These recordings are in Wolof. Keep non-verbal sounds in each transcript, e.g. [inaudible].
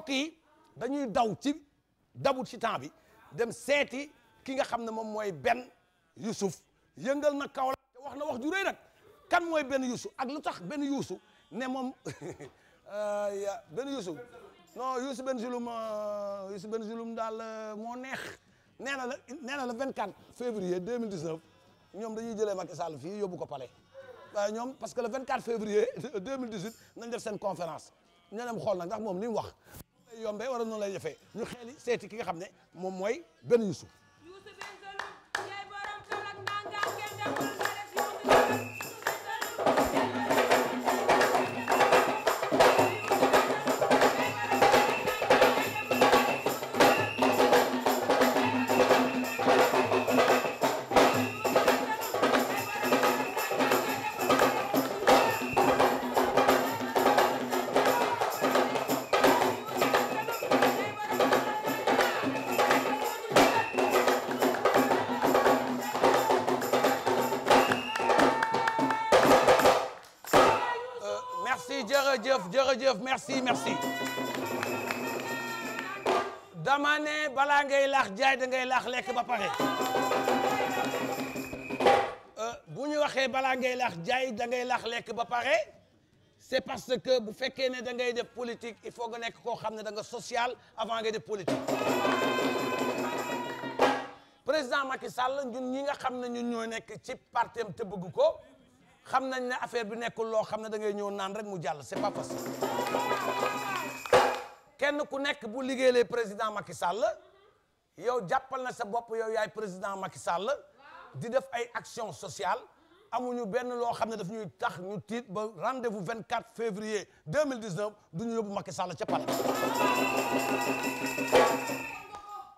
mbokk yi dañuy daw ci dabut ci temps bi dem seeti ki nga xam ne moom mooy benn Youssouf yëngal na kaw te wax na wax ju rëy nag kan mooy benn Youssouf ak lu tax benn Youssouf ne moom [laughs] euh, benn Youssouf non Youssouf benn Zulum euh, Youssouf benn Zulum daal euh, moo neex nee na la nee na la 24 février 2019 ñoom dañuy jëlee Macky Sall fii yóbbu ko palais waaye ñoom parce que le 24 février 2018 [laughs] nañ def seen conférence ñu dem xool nag ndax moom li wax. yombee wara noonu lay defee ñu xeeli seeti ki nga xam ne moom mooy benn Youssouf. Youssouf jërëjëf jërëjëf merci merci dama ne balaa ngay laax jaay da ngay laax lekk ba pare euh, bu ñu waxee balaa ngay laax jaay da ngay laax lekk ba pare c'est parce que bu fekkee ne da ngay def politique il faut nga nekk koo xam ne da nga social avant ngay def politique président Macky Sall ñun ñi nga xam ne ñun ñoo nekk ci partem te bëgg ko xam nañ ne affaire bi nekkul loo xam ne da ngay ñëw naan rek mu jàll c'est pas facile kenn ku nekk bu liggéeyee président Macky Sall yow jàppal na sa bopp yow yaay président Macky Sall di def ay action sociale amuñu benn loo xam ne daf ñu tax ñu tiit ba rendez-vous 24 février 2019 du ñu yóbbu Macky Sall ca palais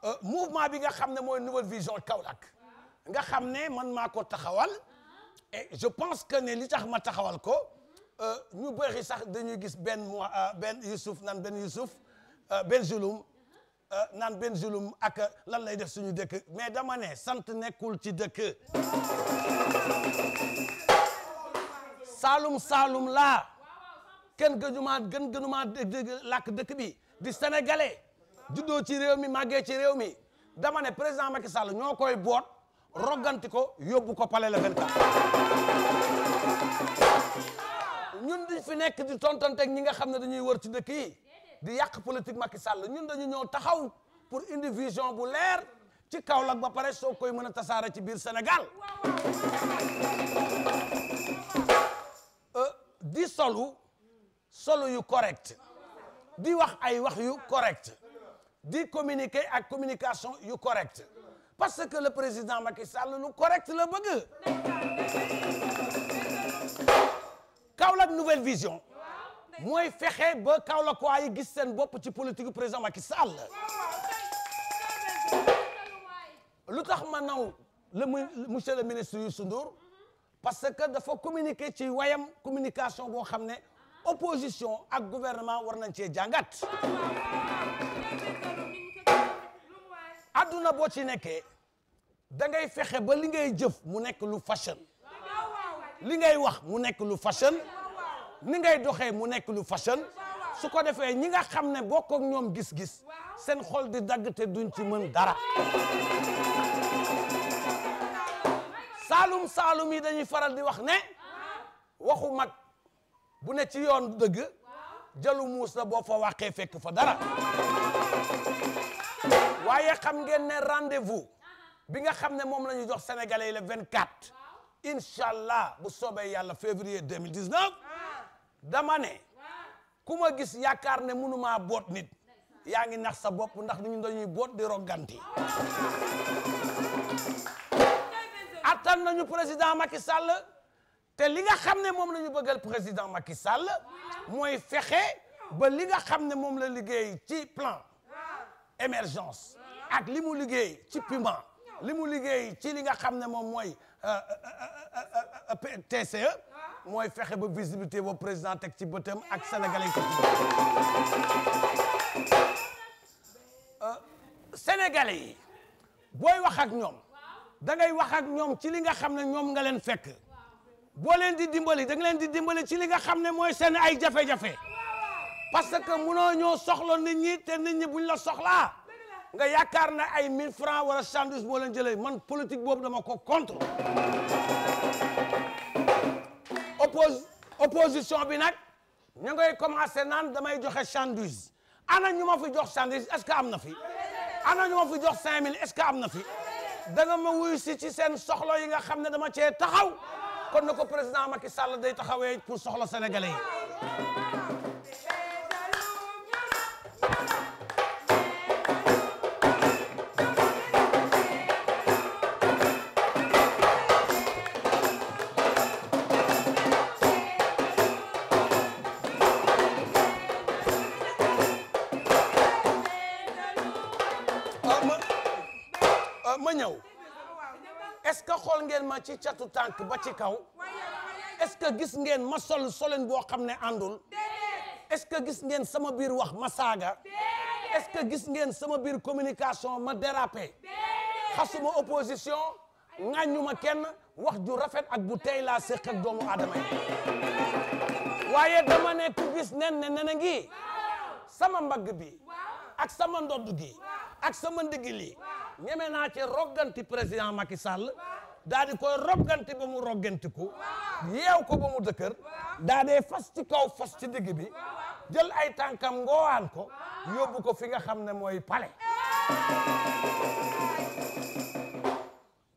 euh, mouvement bi nga xam ne mooy nouvelle vision Kaolack nga xam ne man maa ko taxawal et je pense que ne li tax ma taxawal ko euh, ñu bëri sax dañuy gis benn moi euh, benn Youssouf naan benn Youssouf euh, benn Zulum naan benn Zulum ak lan lay def suñu dëkk mais dama ne sant nekkul ci dëkk Saalum salum la kenn gënumaa gën gënumaa lakk dëkk bi di sénégalais juddoo ci réew mi màggee ci réew mi dama ne président Macky Sall ñoo koy boot roganti ko yóbbu ko palais le 24 ñun di fi nekk di tontanteeg ñi nga xam ne dañuy wër ci dëkk yi di yàq politique Macky Sall ñun dañu ñëw taxaw pour indivision bu leer ci Kaolack ba pare soo koy mën a tasaare ci biir Sénégal euh, di solu solu yu correct di wax ay wax yu correct di communiquer ak communication yu correct parce que le président Macky Sall lu correct la bëgg Kaolack nouvelle vision mooy fexe ba Kaolack waa yi gis seen bopp ci politique du président Macky Sall lu tax ma naw le monsieur le ministre Youssou Ndour parce que dafa communiquer ci wayam communication boo xam ne opposition ak gouvernement war nañ cee jàngat adduna boo ci nekkee da ngay fexe ba li ngay jëf mu nekk lu fashion li ngay wax mu nekk lu fashion ni ngay doxee mu nekk lu fashion su ko defee ñi nga xam ne boo kook ñoom gis-gis seen xol di dagg te duñ ci mën dara saalum saalum yi dañuy faral di wax ne waxu mag bu ne ci yoon dëgg jalu muus la boo fa waxee fekk fa dara waaye xam ngeen ne rendez bi nga xam ne moom la ñu jox sénégalais yi le 24 incha allah bu soobee yàlla février 2019 dama ne ku ma gis yaakaar ne mënumaa boot nit yaa ngi nax sa bopp ndax ñu dañuy boot di rogganti attan nañu président Macky Sall te li nga xam ne moom la ñu bëggal président Macky Sall mooy fexe ba li nga xam ne moom la liggéey ci plan émergence ak li mu liggéey ci piment li mu liggéey ci li nga xam ne moom mooy euh, euh, euh, TCE ah. mooy fexe ba visibilité boobu président teg ci bëtam ak eh, ah. sénégalais yi booy wax ak ñoom dangay ngay wax ak ñoom ci li nga xam ne ñoom nga leen fekk boo leen di dimbali da leen di dimbali ci li nga xam ne mooy seen ay jafe-jafe parce que munoo ñoo soxla nit ñi te nit ñi buñ la soxlaa nga yaakaar na ay 1000 francs wala sandwich boo leen jëlee man politique boobu dama ko contre oppose opposition bi nag ñu ngay commencé naan damay joxe sandwich ana ñu ma fi jox sandwich est-ce que am na fi ana ñu ma fi jox 5000 est-ce que am na fi danga ma wuyu si ci seen soxla yi nga xam ne dama cee taxaw kon na ko président Macky Sall day taxawee pour soxla sénégalais ñëw est-ce que xool ngeen ma ci catu tànk ba ci kaw est-ce que gis ngeen ma sol solen boo xam ne àndul est-ce que gis ngeen sama biir wax ma saaga est-ce que gis ngeen sama biir communication ma dérapé xasuma opposition ŋàññuma kenn wax ju rafet ak bu tey laa séq ak doomu aadama yi waaye dama ne ku gis nen ne nena ngi sama mbagg bi ak sama ndodd gi ak sama ndigg ñeme naa ci rogganti président Macky Sall daa di koy rogganti ba mu roggantiku yeew ko ba mu dëkkër daa dee fas ci kaw fas ci digg bi jël ay tànkam ko yóbbu ko fi nga xam ne mooy pale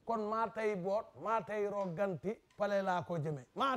kon maa tey boot maa rogganti pale laa ko jëme maa